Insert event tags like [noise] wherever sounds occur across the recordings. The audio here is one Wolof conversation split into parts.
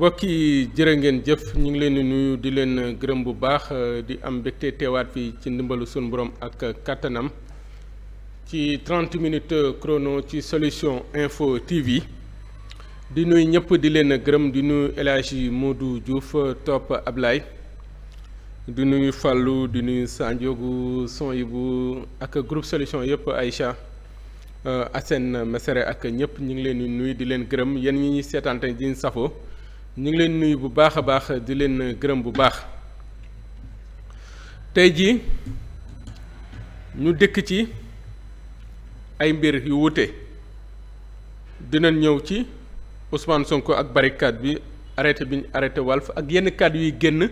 mbokk yi jërë ngeen jëf ñu ngi leen di nuyu di leen gërëm bu baax di am mbégte teewaat fii ci ndimbalu sunu borom ak kattanam ci 30 minutes chrono ci solution info TV di nuyu ñëpp di leen gërëm di nuyu El Hadji Modou Diouf topp Ablaye di nuyu Fallou di nuyu Sandiogu Sonyibu ak groupe solution yëpp Aïcha Assène Mesere ak ñëpp ñu ngi leen di nuyu di leen gërëm yéen ñi ñuy seetaante di safo ñu ngi leen nuyu bu baax a baax di leen gërëm bu baax tey jii ñu dëkk ci ay mbir yu wuute dinañ ñëw ci Ousmane Sonko ak barricade bi arrêté bi ñu arrêté Walf ak yenn kàddu yuy génn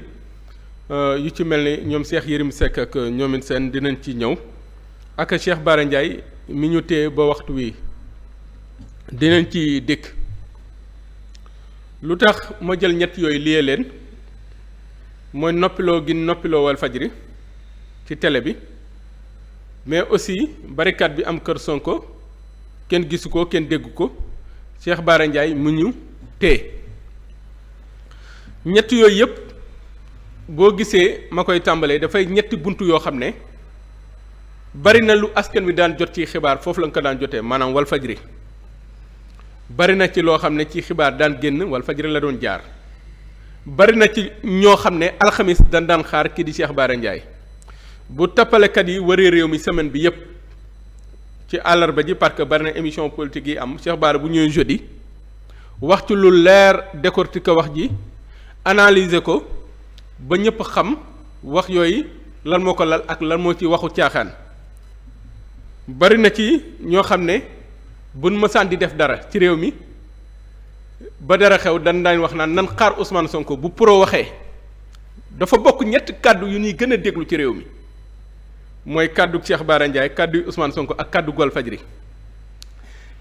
euh, yu ci mel ni ñoom seex Yérim Seck ak ñoom seen dinañ ci ñëw ak a Bara Ndiaye mi ñu téye ba waxtu wi dinañ ci dëkk lu tax ma jël ñetti yooyu lié leen mooy noppiloo gi noppiloo wal fajri ci tele bi mais aussi barikat bi am kër Sonko kenn gisu ko kenn dégg ko Cheikh Bara Ndiaye mu ñu tee ñetti yooyu yëpp boo gisee ma koy tàmbalee dafay ñetti bunt yoo xam ne bari na lu askan wi daan jot ci xibaar foofu la nga ko daan jotee maanaam wal fajri bari na ci loo xam ne ci xibaar daan génn wal fajri la doon jaar bari na ci ñoo xam ne alxamis dañ daan xaar kii di Cheikh Bara Ndiaye bu tappalekat yi waree réew mi semaine bi yépp ci àllarba ji parce que bari na émission politique yi am Cheikh Bara bu ñëwee jeudi wax ci lu leer décortiquer wax ji analyser ko ba ñëpp xam wax yooyu lan moo ko lal ak lan moo ci waxu caaxaan bari na ci ñoo xam ne. buñ mësaan di def dara ci réew mi ba dara xew dan daañ wax naan nan xaar Ousmane Sonko bu pro waxee dafa bokk ñetti kàddu yu ñuy gën a déglu ci réew mi mooy kàddu Cheikh Bara Ndiaye kàddu Ousmane Sonko ak kàddu Walfadjri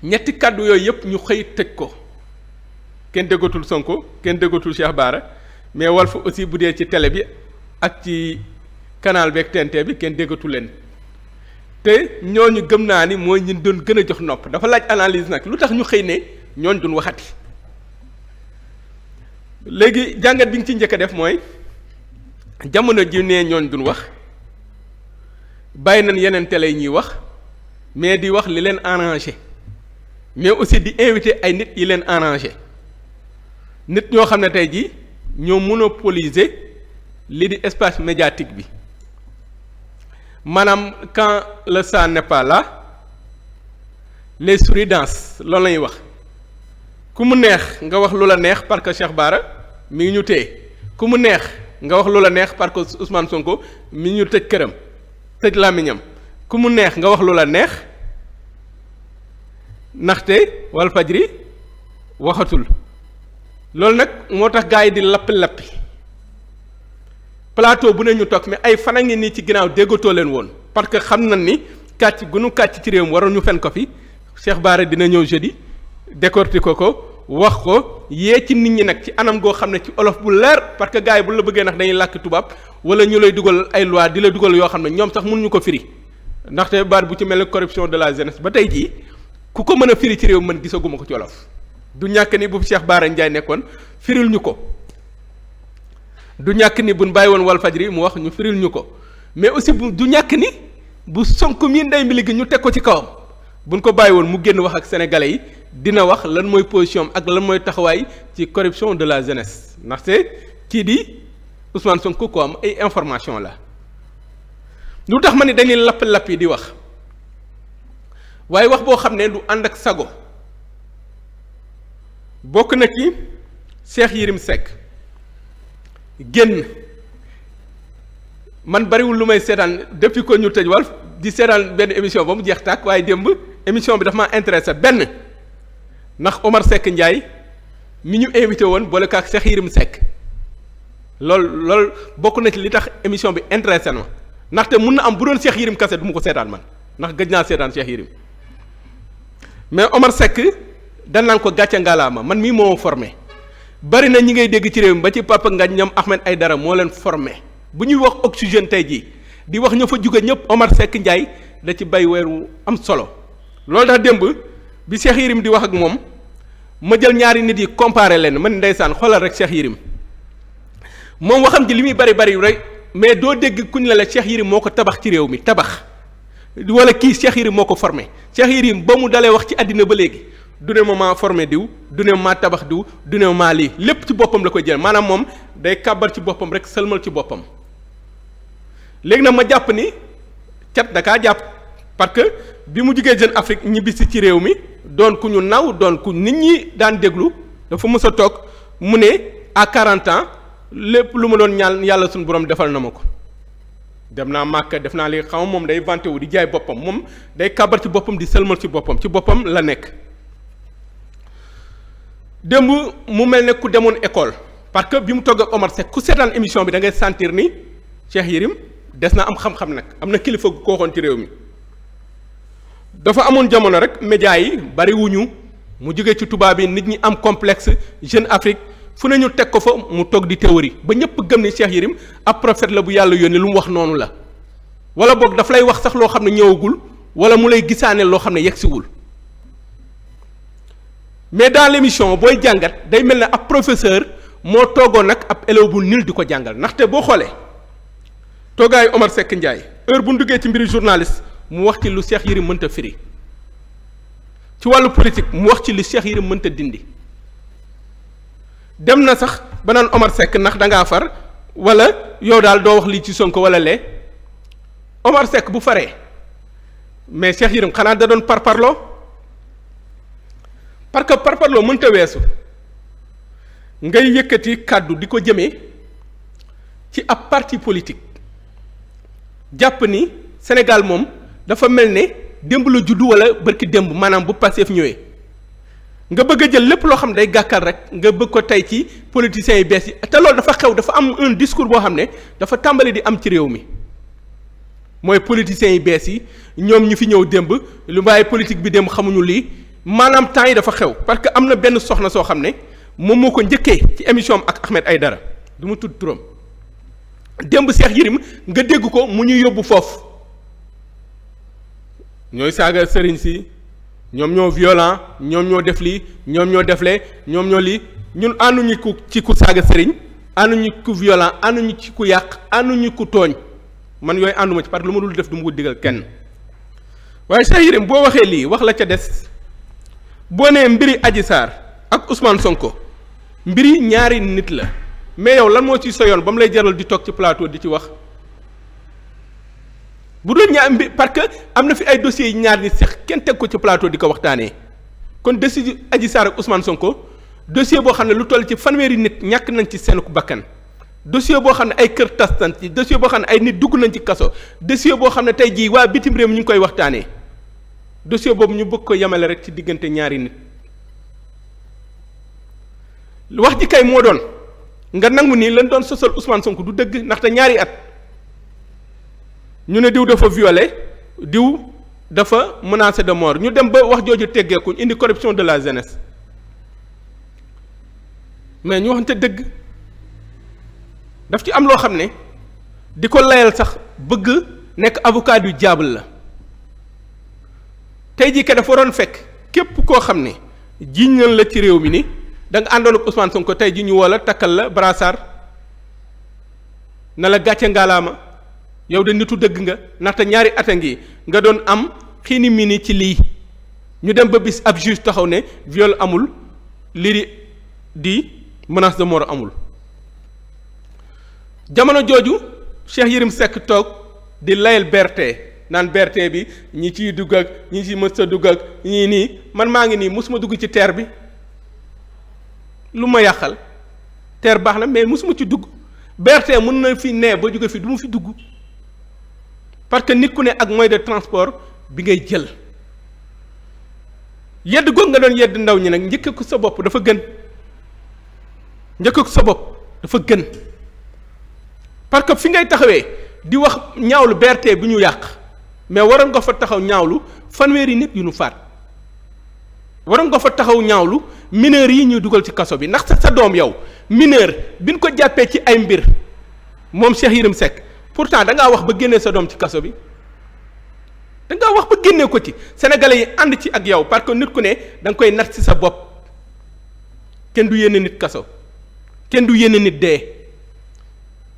ñetti kàddu yooyu yëpp ñu xëy tëj ko kenn déggatul Sonko kenn déggatul Cheikh Bara mais Walf aussi bu dee ci tele bi ak ci canal beeg TNT bi kenn déggatul leen te ñooñu gëm naa ni mooy ñun doon gën a jox nopp dafa laaj analyse nag lu tax ñu xëy ne ñooñ duñ waxati léegi jàngat bi nga ci njëkk a def mooy jamono ji ne ñooñ duñ wax bàyyi nañ yeneen télé yi ñuy wax mais di wax li leen arrangé mais aussi di invité ay nit yi leen arrangé nit ñoo xam ne tey jii ñoo monopoliser li di espace médiatique bi maanaam quand le sang n'est pas là les souris dansent loolu la wax ku mu neex nga wax lu la neex parce que Cheikh Bara mi ngi ñu téye ku mu neex nga wax lu la neex parce que Ousmane Sonko mi ngi ñu tëj këram tëj làmmiñam ku mu neex nga wax lu la neex ndaxte Walfadjri waxatul loolu nag moo tax gars yi di lapp lappi. plateau bu ne ñu toog mais ay fan a ngi nii ci ginnaaw déggatoo leen woon parce que xam nañ ni kàcc gu nu kàcc ci réew mi waroon ñu fen ko fi Cheikh Bara dina ñëw jeudi décortiquer ko ko wax ko yee ci nit ñi nag ci anam goo xam ne ci olof bu leer parce que gars yi bu la bëggee nag dañuy làkk tubaab wala ñu lay dugal ay loi di la dugal yoo xam ne ñoom sax ñu ko firi ndaxte baat bu ci mel ne corruption de la jeunesse ba tey jii ku ko mën a firi ci réew mën gisaguma ko ci olof du ñàkk ni bu Cheikh Bara Ndiaye nekkoon firil ñu ko du ñàkk ni buñ bàyyi woon Walfadjri mu wax ñu firil ñu ko mais aussi bu du ñàkk ni bu Sonko mii nday mbi gi ñu teg ko ci kawam buñ ko bàyyi woon mu génn wax ak sénégalais yi dina wax lan mooy position ak lan mooy taxawaay ci corruption de la jeunesse ndaxte kii di Ousmane Sonko ko am ay information la lu tax ma ni dañuy lapp-lapp yi di wax waaye wax boo xam ne du ànd ak sago bokk na ci Cheikh Yérim Seck génn man bariwul lu may seetaan depuis que ñu tëj Walf di seetaan benn émission ba mu jeex tàkk waaye démb émission bi dafa maa intéressé benn ndax Omar sekk Ndiaye mi ñu invité woon boole kaak Cheikh Yérim sekk loolu loolu bokk na ci li tax émission bi intéressé na ma ndaxte mun na am bu doon seex Yérim kase du ma ko seetaan man ndax gëj naa seetaan Cheikh Yérim mais Omar sekk dañ naan ko gàcce ma man mii moo formé bari na ñi ngay dégg ci réew mi ba ci Papa Ngagne ñoom Ahmed dara moo leen formé bu ñuy wax oxygène tey jii di wax ña fa jóge ñëpp Omar Seck Ndiaye da ci bay weer wu am solo loolu tax démb bi Cheikh Yérim di wax ak moom ma jël ñaari nit yi comparé leen man ndeysaan xoolal rek seex Yérim moom waxam ji li muy bari bari rek mais doo dégg kuñ la la Cheikh moo ko tabax ci réew mi tabax wala kii Cheikh Yérim moo ko formé Cheikh Yérim ba mu dalee wax ci àddina ba léegi du ne ma maa diw du ma maa tabax diw du ne maa lii lépp ci boppam la koy jël maanaam moom day kàbbar ci boppam rek sëlmal ci boppam léegi nag ma jàpp ni cat da jàpp parce que bi mu jugee Jeune Afrique ñibbisi ci réew mi doon ñu naw doon ku nit ñi daan déglu dafa mës toog mu ne à 40 ans lépp lu ma doon ñaan yàlla suñu borom defal na ma ko. dem naa màkk def naa li xaw moom day vanté wu di jaay boppam moom day kàbbar ci boppam di sëlmal ci boppam ci boppam la nekk. démb mu mel ne ku demoon école parce que bi mu togg ak Omar Seck ku seetaan émission bi da ngay sentir ni Cheikh Yérim des na am xam-xam nag am na kilifa gu ko ci réew mi dafa amoon jamono rek médias yi bariwuñu mu jóge ci tubaab yi nit ñi am complexe Jeune Afrique fu ne ñu teg ko fa mu toog di théorie ba ñëpp gëm ni Cheikh Yérim ab prophète la bu yàlla yónni lu mu wax noonu la wala boog daf lay wax sax loo xam ne ñëwagul wala mu lay gisaaneel loo xam ne yegsiwul mais daal émission booy jàngat day mel ne ab professeur moo toogoon nag ab élève bu nil di ko jàngal ndaxte boo xoolee toogaayu Omar Seck njaay heure bu ñu duggee ci mbiru journaliste mu wax ci lu Cheikh Yérim mënta firi ci wàllu politique mu wax ci lu Cheikh Yérim mënta dindi dem na sax ba Omar sekk ndax da far wala yow daal doo wax lii ci sonk wala lee Omar Seck bu faree mais Cheikh Yérim xanaa da doon par parloo parce que par parloo mënta weesu ngay yëkkati kàddu di ko jëmee ci ab parti politique jàpp ni Sénégal moom dafa mel ne démb la juddu wala bërki démb maanaam bu Pastef ñëwee nga bëgg a jël lépp loo xam day gàkkal rek nga bëgg ko tey ci politiciens yi bees yi te loolu dafa xew dafa am un discours boo xam ne dafa tàmbali di am ci réew mi mooy politiciens yi bees yi ñoom ñu fi ñëw démb lu waaye politique bi démb xamuñu lii maanaam temps yi dafa xew parce que am na benn soxna soo xam ne moom moo ko njëkkee ci émission am ak Ahmed Aïdara du ma tudd turam démb seex Yérim nga dégg ko mu ñuy yóbbu foofu ñooy saaga sëriñ si ñoom ñoo violent ñoom ñoo def lii ñoom ñoo defle ñoom ñoo li ñun ànduñu ku ci ku saaga sëriñ ànduñu ku violent ànduñu ci ku yàq ànduñu ku tooñ man yooyu ànduma ci parce lu ma dul def du ma digal kenn waaye Cheikh Yérim boo waxee lii wax la ca des boo nee yi Adji Sarr ak Ousmane Sonko yi ñaari nit la mais yow lan moo ciy soyoon ba mu lay jaral di toog ci plateau di ci wax bu doon ñaar mbir parce que am na fi ay dossiers yi ñaar nit sax kenn teg ko ci plateau di ko waxtaanee kon décision Adji Sarr ak Ousmane Sonko dossier boo xam ne lu toll ci fanweeri nit ñàkk nañ ci seen bakkan dossier boo xam ne ay kër tas nañ ci dossier boo xam ne ay nit dugg nañ ci kaso dossier boo xam ne tey jii waa bitim réew mi ñu ngi koy waxtaanee. dossier boobu ñu bëgg ko yemale rek ci diggante ñaari nit wax ji kay moo doon nga nangu nii lan doon sosal Ousmane Sonko du dëgg ndaxte ñaari at ñu ne diw dafa violé diw dafa menacé de mort ñu dem ba wax jooju teggeeku indi corruption de la jeunesse mais ñu waxante dëgg daf ci am loo xam ne di ko layal sax bëgg nekk avocat du diable la tey jii ke dafa waroon fekk képp koo xam ne jiñ nañ la ci réew mi ni danga nga àndoon ak Ousmane Sonko tey ji ñu woo la takkal la brassard na la gàcce ngaalaama yow de nitu dëgg nga ndaxte ñaari at a ngi nga doon am xiini mini ci lii ñu dem ba bis ab juge taxaw ne viol amul lii di menace de mort amul jamono jooju Cheikh Yérim Seck toog di layal berte naan berte bi ñi ciy dugg ak ñi ci mës a dugg ak ñii nii man maa ngi nii mosuma dugg ci terre bi lu ma yàqal terre baax na mais mosuma ci dugg berte mën na fi nee ba jóge fi du ma fi dugg parce que nit ku ne ak moyen de transport bi ngay jël yedd goog nga doon yedd ndaw ñi nag njëkk ko sa bopp dafa gën njëkk ak sa bopp dafa gën parce que fi ngay taxawee di wax ñaawlu berte bi ñu yàq mais waral nga fa taxaw ñaawlu fanweer yi nit yu ñu faat waroon nga fa taxaw ñaawlu mineurs yi ñuy dugal ci kaso bi ndax sa sa doom yow mineur biñ ko jàppee ci ay mbir moom Cheikh Yérim Seck pourtant da ngaa wax ba génnee sa doom ci kaso bi da ngaa wax ba génnee ko ci sénégalais yi ànd ci ak yow parce que nit ku ne danga koy nat ci sa bopp kenn du yéene nit kaso kenn du yéene nit dee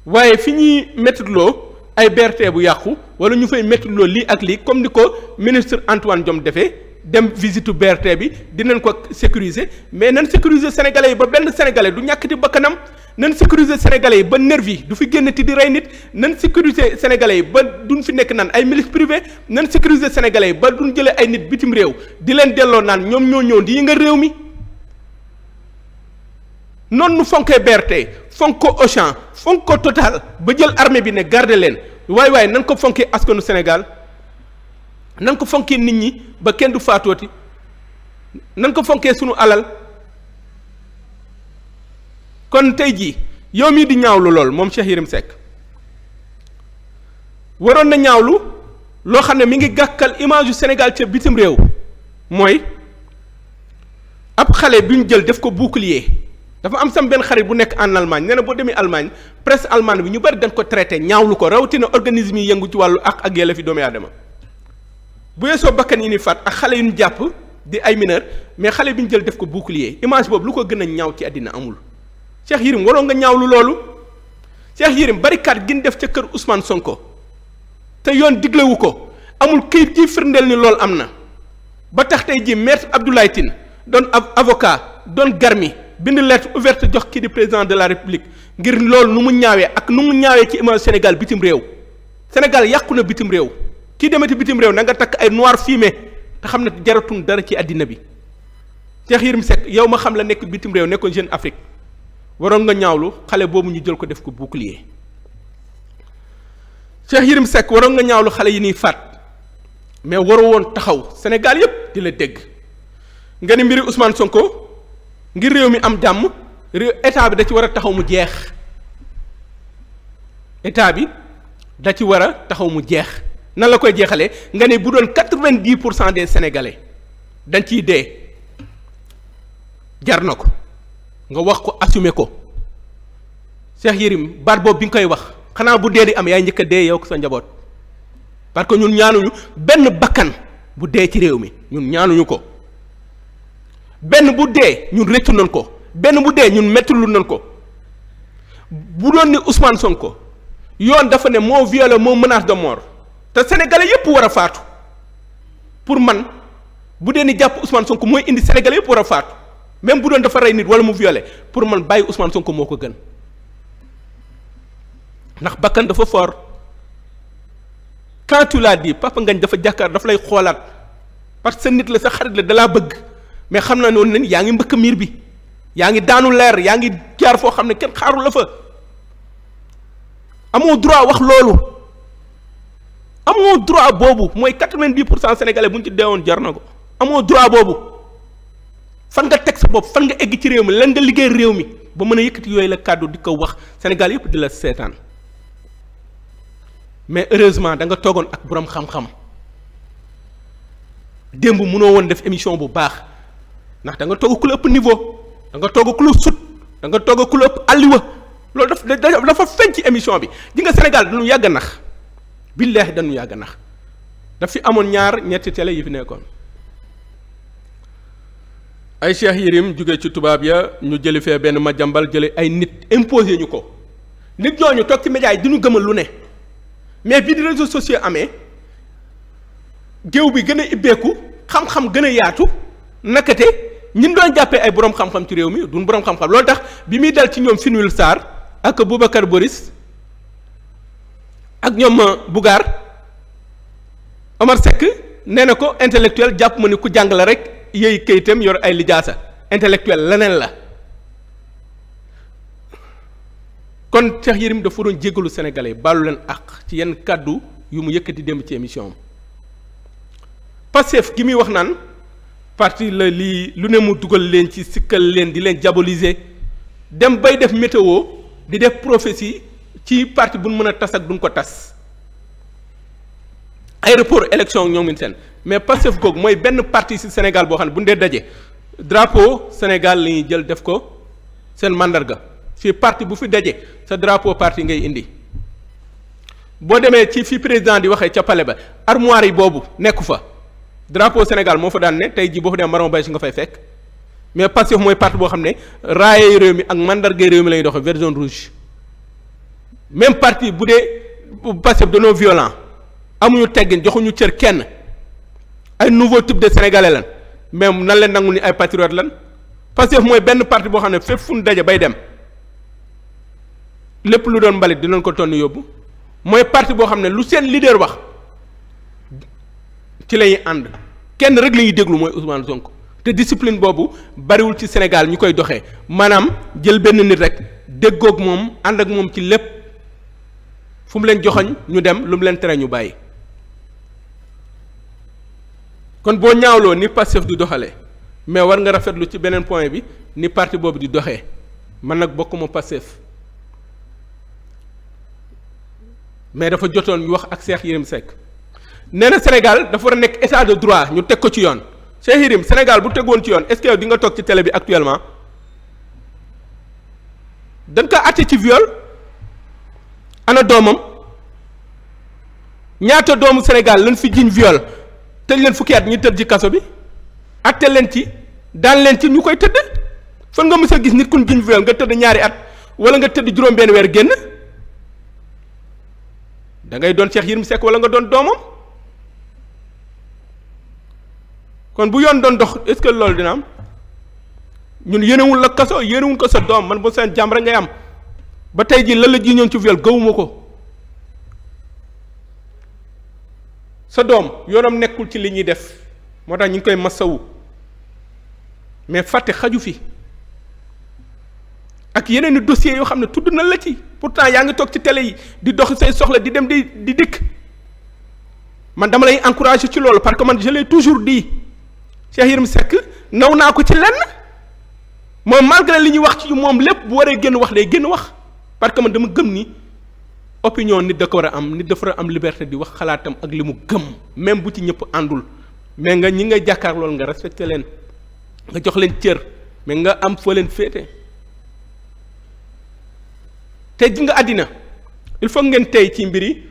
waaye fi ñuy méttitloo ay BRT bu yàqu wala ñu fay métti lii ak lii comme ni ko ministre Antoine Diome defee dem visite BRT bi dinañ ko sécuriser mais nan sécuriser sénégalais ba benn sénégalais du ñàkkati bakkanam nan sécuriser sénégalais yi ba nervi du fi génn génnati di rey nit nan sécuriser sénégalais yi ba duñ fi nekk naan ay milice privée nan sécuriser sénégalais yi ba duñ jëlee ay nit bitim réew di leen delloo naan ñoom ñoo ñëw di yëngal réew mi. noonu nu fonkee BRT fonk ko Auchan fonk ko Total ba jël armée bi ne garde leen waay waay nan ko fonkee askanu Sénégal nan ko fonkee nit ñi ba kenn du faatooti nan ko fonkee sunu alal kon tey jii yow mii di ñaawlu lool moom Cheikh Yérim waroon na ñaawlu loo xam ne mi ngi gàkkal image yu Sénégal ca bitim réew mooy ab xale bi ñu jël def ko bouclier. dafa am sam benn xarit bu nekk en Allemagne nee boo demee Allemagne presse allemande bi ñu bari dañ ko traité ñaawlu ko rawatina organisme yi yëngu ci wàllu ak ak yelleefi doomu aadama bu yeesoo bakkan yi ni faat ak xale yu ñu jàpp di ay mineur mais xale bi ñu jël def ko bouclier image boobu lu ko gën a ñaaw ci àddina amul. Cheikh Yérim waroon nga ñaawlu loolu Cheikh Yérim barikaat gi ñu def ca kër Ousmane Sonko te yoon diglewu ko amul këyit gi firndeel ni lool am na ba tax tey jii maître Abdoulaye Tine doon avocat doon garmi bind lettre ouverte jox kii di président de la république ngir loolu nu mu ñaawee ak nu mu ñaawee ci image Sénégal bitim réew Sénégal yàqu na bitim réew kii demati bitim réew na nga takk ay noir fumé te xam ne jaratun dara ci àddina bi Cheikh Yérim Seck yow ma xam la nekk bitim réew nekkoon Jeune Afrique waroon nga ñaawlu xale boobu ñu jël ko def ko bouclier Cheikh Yérim sekk waroon nga ñaawlu xale yi ñuy faat mais waroo woon taxaw Sénégal yépp di la dégg nga ni mbiri Ousmane Sonko ngir réew mi am jàmm réew état bi da ci war a taxaw mu jeex état bi da ci war a taxaw mu jeex nan la koy jeexalee nga ne bu doon quatre-vingt-dix pour cent des sénégalais dañ ciy dee jar na ko nga wax ko assumé ko Cheikh Yérim baat boobu bi nga koy wax xanaa bu dee di am yaay njëkk a dee yow ko sa njaboot parce que ñun ñaanuñu benn bakkan bu dee ci réew mi ñun ñaanuñu ko. benn bu dee ñun rëccu nañ ko benn bu dee ñun métti lu nañ ko bu doon ni Ousmane Sonko yoon dafa ne moo violé moo menace de mort te sénégalais yëpp war a faatu pour man bu dee ni jàpp Ousmane Sonko mooy indi sénégalais yëpp war a faatu même bu doon dafa rey nit wala mu violé pour man bàyyi Ousmane ko moo ko gën ndax bakkan dafa fort quand tu l'as dit ngañ dafa jàkkaar daf lay xoolaat parce que sa nit la sa xarit la dalaa bëgg. mais xam na noonu ne yaa ngi mbëkk miir bi yaa ngi daanu leer yaa ngi jaar foo xam ne kenn xaaru la fa amoo droit wax loolu amoo droit boobu mooy quatre-vingt-dix pour cent sénégalais bu ñu ci deewoon jar na ko amoo droit boobu fan nga teg sa bopp fan nga egg ci réew mi lan nga liggéey réew mi ba mën a yëkkati yooyu la kàddu di ko wax Sénégal yëpp di la seetaan mais heureusement da nga toogoon ak borom xam-xam démb mënoo woon def émission bu baax. ndax danga nga toog ku la ëpp niveau da nga toog ku la sut da nga toog ku la ëpp alliwa loolu dafa dafa feeñ ci émission bi di nga Sénégal dañu yàgg nax billaahi dañu yàgg nax daf fi amoon ñaar ñetti tele yi fi nekkoon ay Cheikh Yérim jóge ci tubaab ya ñu jëli fee benn ma jàmbal jële ay nit imposé ñu ko nit ñooñu toog ci média yi di ñu gëmal lu ne mais bi di réseaux sociaux amee géew bi gën a ibbeeku xam-xam gën a yaatu nakate ñin doon jàppee ay boroom xam-xam ci réew mi duñ boroom xam-xam loolu tax bi muy dal ci ñoom Finwil saar ak Boubacar Boris ak ñoom euh, Bougar Omar Seck nee na ko intellectuel jàpp ma ni ku jàng la rek yéy kayitam yor ay lijaasa intellectuel leneen la kon Cheikh Yérim dafa doon jéggalu sénégalais baalu leen àq ci yenn kàddu yu mu yëkkati dem ci émission am Pastef gi muy wax naan. parti la lii lu ne mu dugal leen ci sikkal leen di leen diaboliser dem bay def météo di def prophétie ci parti bu nu mën a tas ak duñ ko tas ay report élection ñoo ngi seen fu Pastef googu mooy benn parti ci Sénégal boo xam ne bu ñu dee daje drapo Sénégal la ñuy jël def ko seen mandarga fii parti bu fi daje sa drapeau parti ngay indi boo demee ci fi président di waxee ca pale ba armoire yi boobu nekku fa drapeau Sénégal moo fa daan ne tey jii boo fa demee marron beige nga fay fekk mais Pastef mooy parti boo xam ne raayey réew mi ak mandargay réew mi la ñuy doxee vert jaune rouge parti bu dee Pastef danoo violent amuñu teggin joxuñu cër kenn ay nouveau type de sénégalais lan mais nan leen nangu ni ay patriotes lan Pastef mooy benn parti boo xam ne fépp fu ñu daje bay dem lépp lu doon mbalit dinañ ko tonn yóbbu mooy parti boo xam ne lu seen leader wax. ci lay ànd kenn rek la ñuy déglu mooy Ousmane Sonko te discipline boobu bariwul ci Sénégal ñu koy doxee maanaam jël benn nit rek déggook moom ànd ak moom ci lépp fu mu leen joxoñ ñu dem lu mu leen tere ñu bàyyi kon boo ñaawloo ni Pastef du doxale mais war nga rafetlu ci beneen point bi ni parti boobu di doxee man nag bokkuma Pastef mais dafa jotoon ñu wax ak Cheikh Yérim Seck nee na Sénégal dafa war a nekk état de droit ñu teg ko ci yoon Cheikh Yérim Sénégal bu tegoon ci yoon est-ce que nga toog ci télé bi actuellement dañ ko ci viol ana doomam ñaata doomu Sénégal lañ fi jiñ viol tëj leen fukki ñu tëdd ci kaso bi àtte leen ci daan leen ci ñu koy tëdd nga mës a gis nit ku jiñ nga tëdd ñaari at wala nga tëdd juróom weer génn da ngay doon Cheikh Yérim Seck wala nga doon doomam. kon bu yoon doon dox est-ce que loolu dina ñun yéenewul la kaso yéenewul ko sa doom man bu seen jàmm ngay am ba tey jii lan la ji ñoon ci viol gëwuma ko sa doom yoonam nekkul ci li ñuy def moo tax ñu ngi koy masawu mais fàtte xaju fi ak yeneen i dossiers yoo xam ne tudd na la ci pourtant yaa ngi toog ci télé yi di dox say soxla di dem di di dikk man dama lay encourager ci loolu parce que man je toujours dit Cheikh Yérim sekk naw naa ko ci lenn moom malgré li ñuy wax ci moom lépp bu waree génn wax day génn wax parce que man dama gëm ni opinion nit da ko war a am nit dafa war a am liberté di wax xalaatam ak li mu gëm même bu ci ñëpp àndul mais nga ñi nga jàkkaar loolu nga respecté leen nga jox leen cër mais nga am foo leen féete te ji nga àddina il faut ngeen tey ci mbiri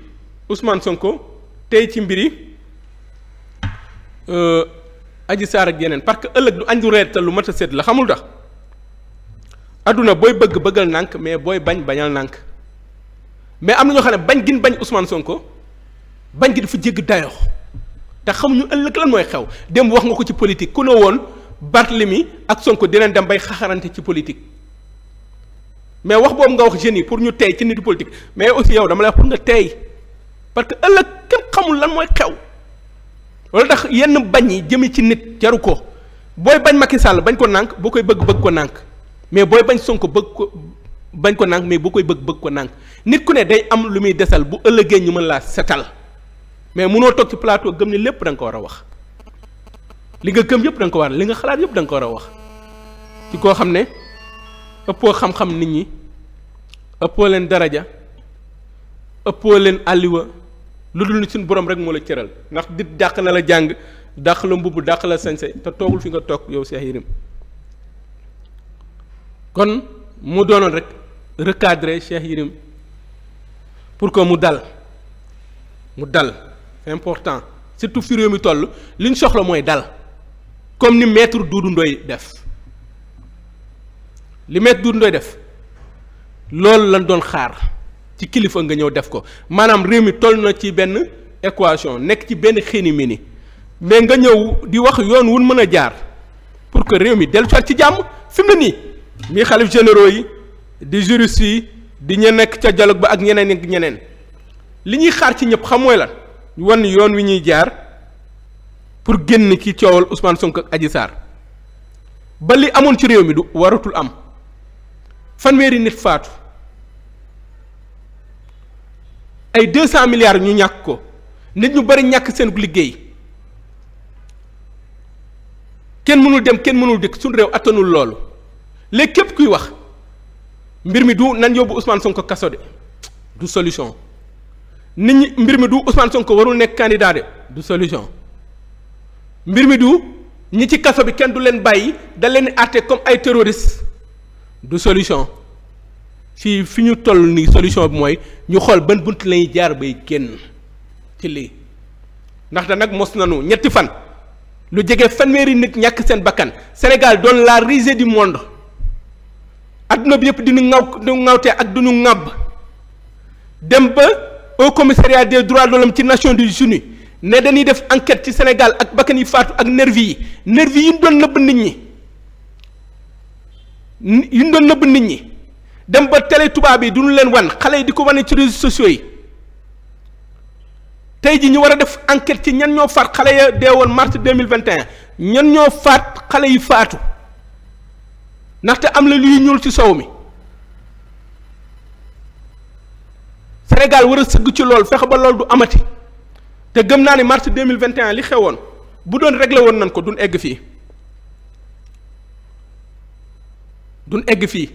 Ousmane Sonko tey ci mbiri aji saar ak yeneen parce que ëllëg du andu reer te lu mat a seet la xamul tax adduna booy bëgg bëggal nànk mais booy bañ bañal nànk mais am na ñoo xam ne bañ gin bañ Ousmane Sonko bañ gi fi jégg dayoo te xamuñu ëllëg lan mooy xew démb wax nga ko ci politique ku ne woon Barthélemy ak Sonko dinañ dem bay xaxarante ci politique mais wax boobu nga wax jeunes yi pour ñu teey ci nitu politique mais aussi yow dama lay wax pour nga tey parce que ëllëg kenn xamul lan mooy xew. wala tax yenn bañ yi jëme ci nit jaru ko booy bañ Macky sàll bañ ko nànk boo koy bëgg bëgg ko nànk mais booy bañ ko bëgg ko bañ ko nànk mais boo koy bëgg bëgg ko nànk nit ku ne day am lu muy desal bu ëllëgee ñu mën laa setal mais munoo toog ci plateau gëm ni lépp da ko war a wax li nga gëm yëpp da nga war li nga xalaat yëpp da ko war a wax ci koo xam ne ëppoo xam-xam nit ñi ëppoo leen daraja ëppoo leen àlliwa lu dul ni suñu borom rek moo la cëral ndax dit dàq na la jàng dàq la mbubb dàq la sañse te toogul fi nga toog yow seex Yérim kon mu doonoon rek recadrer Cheikh Yérim pour que mu dal mu dal important surtout fi réew mi toll li soxla mooy dal comme ni maître Doudou ndoy def li maître Doudou Ndoye def loolu lañ doon xaar ci kilifa nga ñëw def ko maanaam réew mi toll na ci benn équation nekk ci benn xéni mi ni mais nga ñëw di wax yoon wun mën a jaar pour que réew mi dellu soit ci jàmm fi mu nii mii xalif généraux yi di juristes yi di ña nekk ca dialogue ba ak ñeneen ak ñeneen li ñuy xaar ci ñëpp xam mooy lan wan yoon wi ñuy jaar pour génn ci coowal Ousmane Sonko ak Adji Sarr ba li amoon ci réew mi du waratul am fanweeri nit faatu ay deux cent milliards ñu ñàkk ko nit ñu bari ñàkk seen liggéey kenn mënul dem kenn mënul dikk suñu réew attanul loolu léegi képp kuy wax mbir mi du nan yóbbu Ousmane Sonko kaso de du solution nit ñi mbir mi du Ousmane Sonko warul nekk candidat de du solution mbir mi du ñi ci kaso bi kenn du leen bàyyi da leen àtte comme ay terroristes du solution fii fi ñu toll ni solution bi mooy ñu xool ban bunt lañuy jaar bay génn ci lii ndaxte nag mos nañu ñetti fan lu jege fanweeri nit ñàkk seen bakkan Sénégal doon la risée du monde adduna bi yëpp diñu ŋaw du ŋawtee ak duñu ŋàbb dem ba au commissariat des droits de ci nation Nations unies ne dañuy def enquête ci Sénégal ak bakkan yu faatu ak nervi yi nervi yi ñu doon nëbb nit ñi yi ñu doon nëbb nit ñi dem ba tele tubaab yi duñu leen wan xale yi di ko wane ci réseaux sociaux yi tey ji ñu war a def enquête ci ñan ñoo faat xale ya deewoon mars deux mille vingt ñan ñoo faat xale yi faatu ndaxte am na luy ñuul ci sow mi Sénégal war a sëgg ci lool fexe ba lool du amati te gëm naa ne mars deux mille vingt et un li xewoon bu doon réglé woon nañ ko dun egg fii duñ egg fii.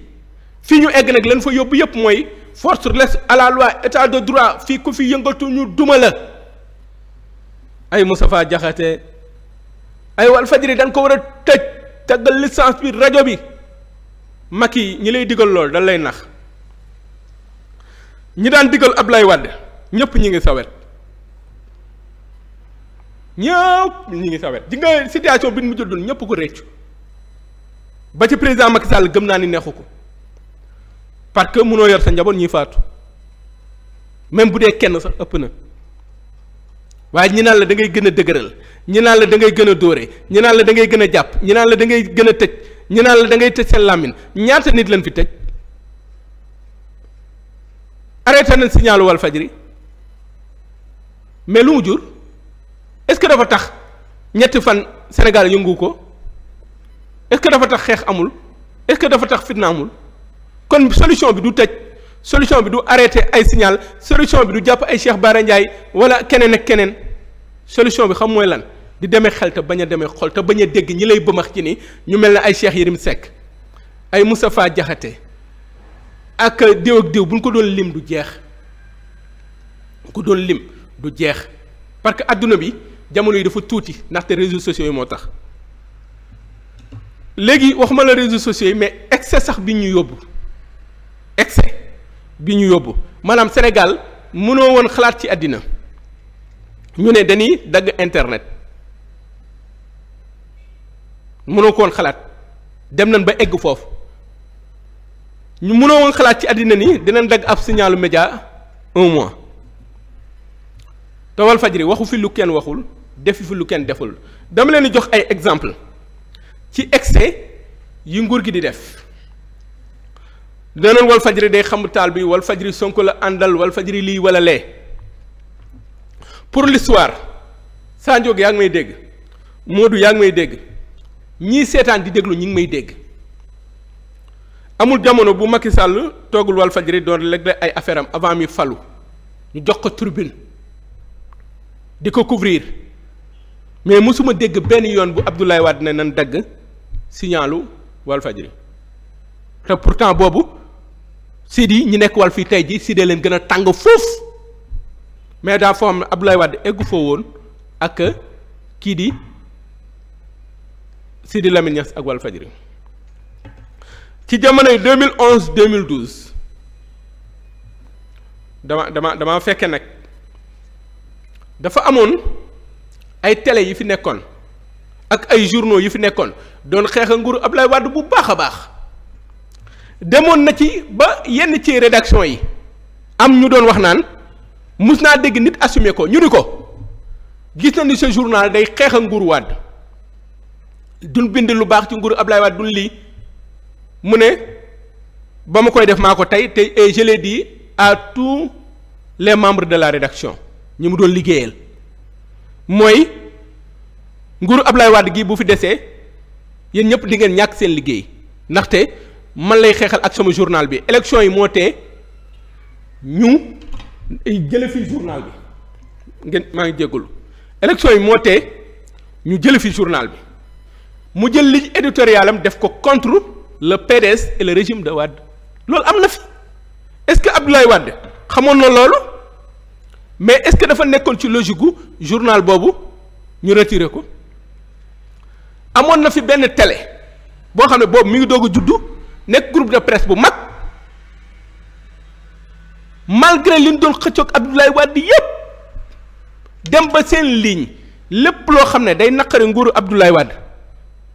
fii ñu egg nag leen fa yóbbu yëpp mooy force reste à la loi état de droit fii ku fi yëngatu ñu duma la ay Moustapha Diakhaté ay wal Walfadjri dañ ko war a tëj taggal licence bi rajo bi mag yi ñi lay digal lool dañ lay nax ñi daan digal Ablaye Wade ñëpp ñi ngi sawet ñëpp ñi ngi sawet ji nga situation bi mu mujj dund ñëpp ko réccu ba ci président Macky Sall gëm naa ni neexu ko. parce que mënoo yor sa njaboot ñuy faatu même bu dee kenn sax ëpp na waaye ñi naan la da ngay gën a dëgëral ñi la da ngay gën a dóore ñi naan la da ngay gën a jàpp ñi naan la da ngay gën a tëj ñi naan la seen làmmiñ ñaata nit lañ fi tëj arrêté nañ signalu faj fajri mais lu mu jur est-ce que dafa tax ñetti fan Sénégal yëngu ko est que dafa tax xeex amul est que dafa tax fitnaamul kon solution bi du tëj solution bi du arrêté ay signal solution bi du jàpp ay Cheikh Bara Ndiaye wala keneen ak keneen solution bi xam mooy lan di demee xel te bañ a demee xol te bañ a dégg ñi lay bëmax ci ni ñu mel ne ay Cheikh Yérim sekk ay Moustapha Diakhaté ak diw ak diw bu ñu ko doon lim du jeex bu ko doon lim du jeex parce que adduna bi jamono yi dafa tuuti ndaxte réseau sociaux yi moo tax léegi wax ma la réseau sociaux yi mais excès sax bi ñu yóbbu. bi ñu yóbbu maanaam Sénégal mënoo woon xalaat ci àddina ñu ne dañuy dagg internet mënoo koon xalaat dem nañ ba egg foofu ñu mënoo woon xalaat ci àddina ni dinañ dagg ab signalu média un mois tawal fajri waxu fi lu kenn waxul defi fi lu kenn deful dama leen di jox ay exemple ci exe yi nguur gi di def danoon wal fajri day xam taal bi wal fajri sonk la àndal wal fajri lii wala lee pour l'histoire Sa Ndiogou yaa ngi may dégg moodu yaa ngi may dégg ñii seetaan di déglu ñi ngi may dégg amul jamono bu Macky Sall toogul wal fajri doon léeg ay affaire am avant mi falu ñu jox ko tribune di ko couvrir mais mosuma dégg benn yoon bu Abdoulaye waat ne nan dagg signalu wal fajri te pourtant boobu Sidi yi ñi nekk wal fii tey ji Sidi leen gën a tàng foof mais daa foo am Abdoulaye Wade eggu foo woon ak kii di Sidi Lamine Niass ak Walfadjri ci jamonoy 2011 2012 dama dama dama fekke nag dafa amoon ay tele yi fi nekkoon ak ay journaux yi fi nekkoon doon xeex a nguuru Abdoulaye Wade bu baax a baax demoon na ci ba yenn ci rédaction yi am ñu doon wax naan mus naa dégg nit assumer ko ñu ni ko gis na ni ce journal day xeex a nguur Wade duñ bind lu baax ci nguur Ablaye Wade duñ lii mu ne ba ma koy def maa ko tey te et je di dit à tous les membres de la rédaction ñi mu doon liggéeyal mooy nguuru Ablaye Wade gi bu fi desee yéen ñëpp di ngeen ñàkk seen liggéey ndaxte man lay xeexal ak sama journal bi élection yi moo tee ñu jële fi journal bi maa ngi jéggul élection yi moo ñu jële fi journal mu jël ligne éditoriale am def ko contre le PDS et le régime de Wade loolu am na fi est-ce que Abdoulaye Wade xamoon na loolu mais est-ce que dafa nekkoon ci logique gu journal boobu ñu retire ko amoon na fi benn tele boo xam ne boobu mi ngi doog a juddu nekk groupe de presse bu mag malgré li ñu doon xëccoog Abdoulaye Wade yépp dem ba seen ligne lépp loo xam ne day naqari nguuru Abdoulaye Wade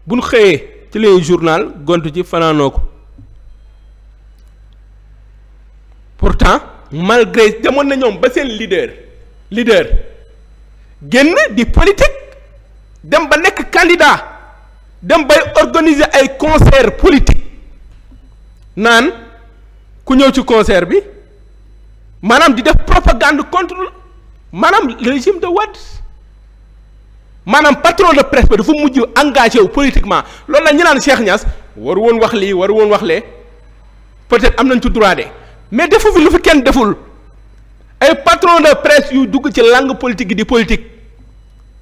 bu ñu xëyee ci lay journal gontu ci fanaanoo ko pourtant malgré demoon na ñoom ba seen lider lider génn di politique dem ba nekk candidat dem bay organise ay concert politique naan ku ñëw ci concert bi maanaam di def propagande contre maanaam régime de Wade maanaam patron de presse ba dafa mujj engagé wu politiquement loolu la ñu naan Cheikh Niass waru woon wax lii waru woon wax le peut-être am nañ ci droit de mais defu fi lu fi kenn deful ay patron de presse yu dugg ci langue politique yi di politique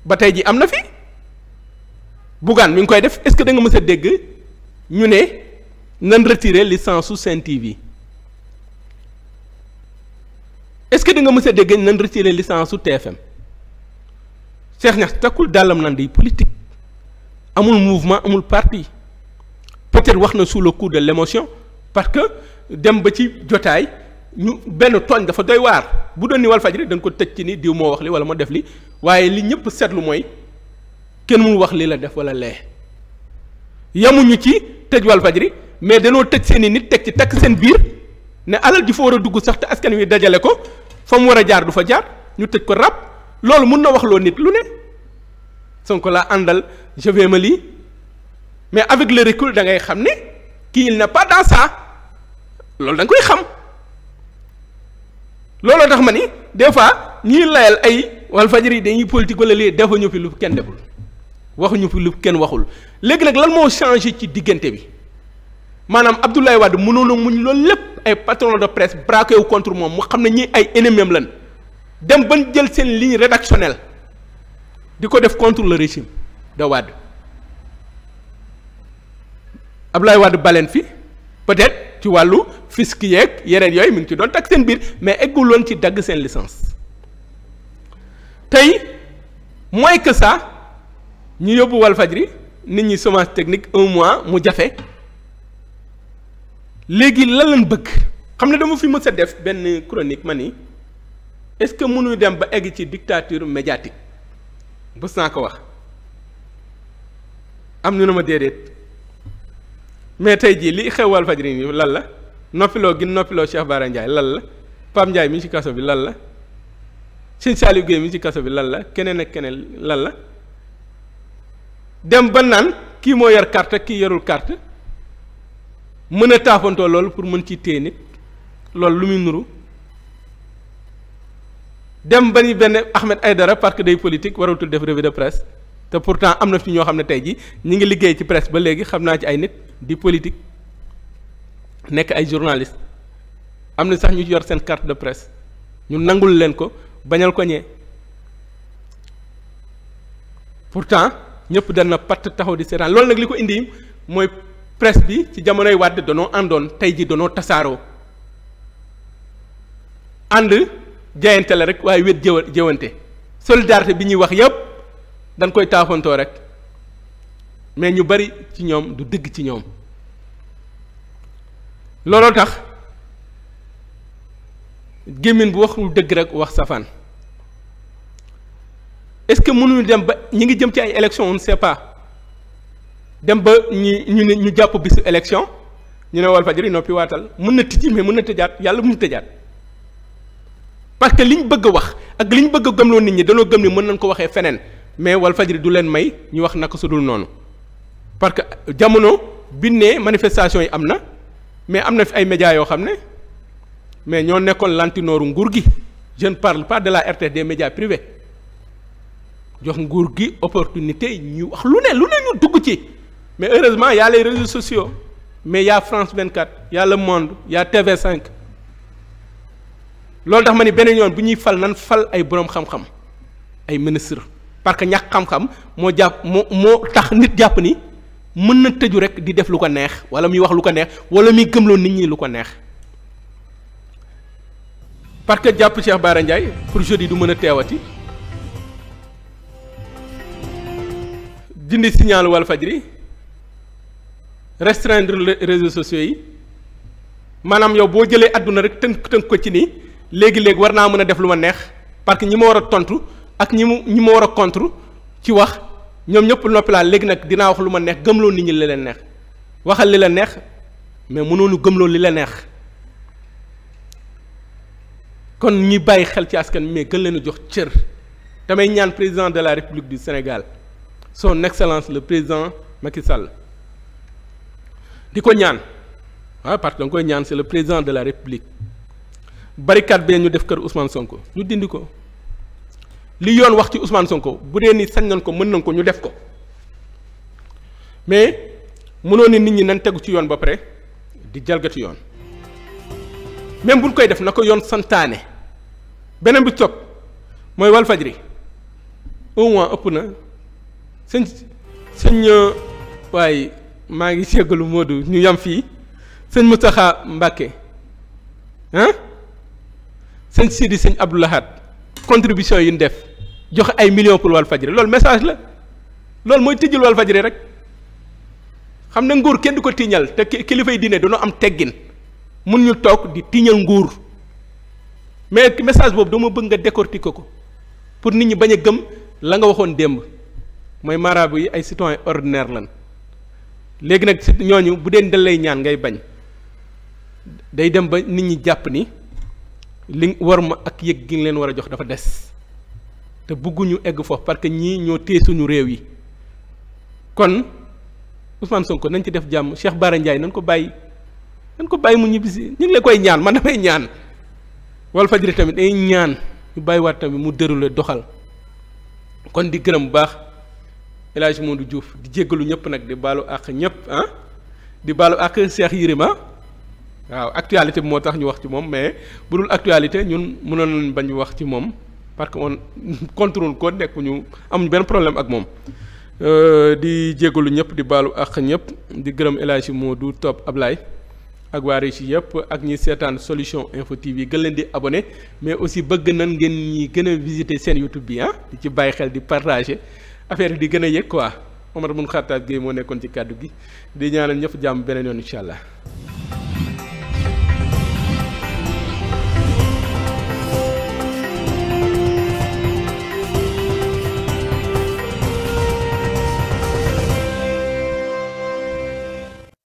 ba tey ji am na fi Bougane mi ngi koy def est-ce que da nga mës a dégg ñu ne. nan retirer licence su Sen TV est-ce que da nga mës a dégg nan retirer licence su TFM Cheikh Niass takkul dàllam nan di politique amul mouvement amul parti peut-être wax na suula le de l'émotion parce que dem ba ci jotaay ñu benn tooñ dafa doy waar bu doon ni Walfadjri da nga ko tëj ci ni diw moo wax li wala moo def li waaye li ñëpp seetlu mooy kenn mu wax li la def wala lee yamuñu ci tëj Walfadjri mais danoo tëj seen i nit teg ci takk seen biir ne alal ji fa war a dugg sax te askan wi dajale ko fa mu war a jaar du fa jaar ñu tëj ko rab loolu mun na wax loo nit lu ne Sonko laa àndal je ma me lii mais avec le recul da ngay xam ne kii il n'est pas loolu da koy xam looloo tax ma ni des fois ñiy layal ay Walfadjri dañuy politique wala lii defuñu fi lu kenn deful waxuñu fi lu kenn waxul léegi nag lan moo changé ci diggante bi. maanaam Abdoulaye Wade mënoon a muñ loolu lépp ay patron de presse braqué wu contre moom mu xam ne ñi ay ennemis am lan dem ban jël seen ligne rédactionnelle di ko def contre le régime de Wade Abdoulaye Wade baleen fi peut-être ci wàllu fisc yeeg yeneen yooyu mi ngi ci doon tag seen biir mais eggul woon ci dagg seen licence tey moins que ça ñu yóbbu ri nit ñi chômage technique un mois mu jafe léegi lan lañ bëgg xam ne dama fi mës a def benn chronique ma ni est-ce que mënuñu dem ba egg ci dictature médiatique bës saa ko wax am ñu ne ma déedéet mais tey jii li xew Walfadjri nii lan la noppiloo gi noppiloo Cheikh Bara Ndiaye lan la Pape njaay mi ci kaso bi lal la Sëñ Saliou Guèye mi ci kaso bi lan la keneen ak keneen lan la dem ba naan kii moo yor carte kii yorul carte mën a taafantoo loolu pour mën ci téye nit loolu lu muy nuru dem ba ni benn Ahmed Aydara parce que day politique waratul def revue de presse te pourtant am na fi ñoo xam ne tey jii ñu ngi liggéey ci presse ba léegi xam naa ci ay nit di politique nekk ay journaliste am na sax ñu yor seen carte de presse ñu nangul leen ko bañal ko ñee pourtant ñëpp dana patt taxaw di seetaan loolu nag li ko indi mooy. presque bi ci jamonoy Wàdd danoo àndoon tey ji danoo tasaaroo ànd jayante la rek waaye wet jëwa jëwante solidarité bi ñuy wax yépp danga koy taafantoo rek mais ñu bari ci ñoom du dëgg ci ñoom looloo tax gémmin bu waxul dëgg rek wax safaan est-ce que mënuñu dem ba ñi ngi jëm ci ay élections on ne pas dem ba ñi ñu ne ñu jàpp bisu élection ñu ne Walfadjri noppi waatal mën na tijji mais mën na tëjaat yàlla mën na tëjaat parce que ñu bëgg a wax ak li ñu bëgg gëm gëmloo nit ñi danoo gëm ni mën nañ ko waxee feneen mais Walfadjri du leen may ñu wax naka su noonu parce que jamono bi ne manifestation yi am na mais am na fi ay médias yoo xam ne mais ñoo nekkoon lantinooru nguur gi jeune ne parle pas de la RTS des médias privés jox nguur gi opportunité ñu wax lu ne lu dugg ci mais heureusement y a les sociaux mais y a France 24 y a Le Monde y tv loolu tax ma ni beneen yoon bu ñuy fal nan fal ay boroom xam-xam ay ministre parce que ñàkk xam-xam moo jàpp moo moo tax nit jàpp ni mën na tëju rek di def lu ko neex wala muy wax lu ko neex wala muy gëmloo nit ñi lu ko neex parce que jàpp Cheikh Bara Ndiaye pour jeudi du mën a teewati dindi signal Walfadjri restreindre les réseaux sociaux yi maanaam yow boo jëlee àdduna rek tënk tënk ko ci nii léegi-léegi war naa mën a def lu ma neex parce que ñi ma war a tontu ak ñi mu ñi ma war a contre ci wax ñoom ñëpp noppi léegi nag dinaa wax lu ma neex gëmloo nit ñi li leen neex waxal li la neex mais mënoonu gëmloo li la neex kon ñi bàyyi xel ci askan mais gën leen a jox cër damay ñaan président de la république du Sénégal son excellence le président Macky Sall di ko ñaan waaw ah, parce que danga koy ñaan c'est le président de la république barricade bi ñu def kër Ousmane Sonko lu dindi ko li yoon wax ci Ousmane Sonko bu dee ni sañ nañ ko mën nañ ko ñu def ko mais mënoon ni nit ñi nan tegu ci yoon ba pare di jalgati yoon même buñ koy def na ko yoon santaane beneen bi topp mooy Walfadjri au moins ëpp na sëñ sëñ euh, waaye. maa ngi séggalu Modou ñu yam fii sëñ Moustapha Mbacke ah sëñ Sidi sëñ Abdou Lahad contribution yi ñu def joxe ay millions pour Walfadjri loolu message la loolu mooy tijjul faj rek xam na nguur kenn du ko tiiñal te kilifay diine dañoo am teggin mun ñu toog di tiiñal nguur mais message boobu dama bëgg nga décortiquer ko pour nit ñi bañ a gëm la nga waxoon démb mooy marabu yi ay citoyen ordinaire lan léegi nag si ñooñu bu dee dal lay ñaan ngay bañ day dem ba nit ñi jàpp ni li war ma ak yëg gi leen war a jox dafa des te bëgguñu egg foofu parce que ñii ñoo téye suñu réew yi kon Ousmane Sonko nañ ci def jàmm Cheikh Bara Ndiaye nañ ko bàyyi nañ ko bàyyi mu ñibbisi ñu ngi la koy ñaan man damay ñaan wal fajri tamit day ñaan ñu bàyyiwaat tamit mu déroulé doxal kon di gërëm bu baax. El Hadj du Diouf di jéggalu ñëpp nag di baalu àq ñëpp ah di baalu àq Cheikh Yirima ah. waaw actualité bi moo tax ñu wax ci moom mais bu dul actualité ñun mënoon nañ bañ wax ci moom parce que on [laughs] contrôle ko nekkuñu amuñu benn problème ak moom euh, di jéggalu ñëpp di baalu àq ñëpp di gërëm El Hadj du Top Ablaye ak waa Réussite yëpp ak ñi seetaan solution info TV gën leen di abonné mais aussi bëgg nan ngeen ñi gën a visiter seen YouTube bi ah di ci bàyyi xel di partager. affaire yi di gën a yëg quoi Omar mun Xattaab moo nekkoon ci kàddu gi di ñaanal ñëpp jàmm beneen yoon incha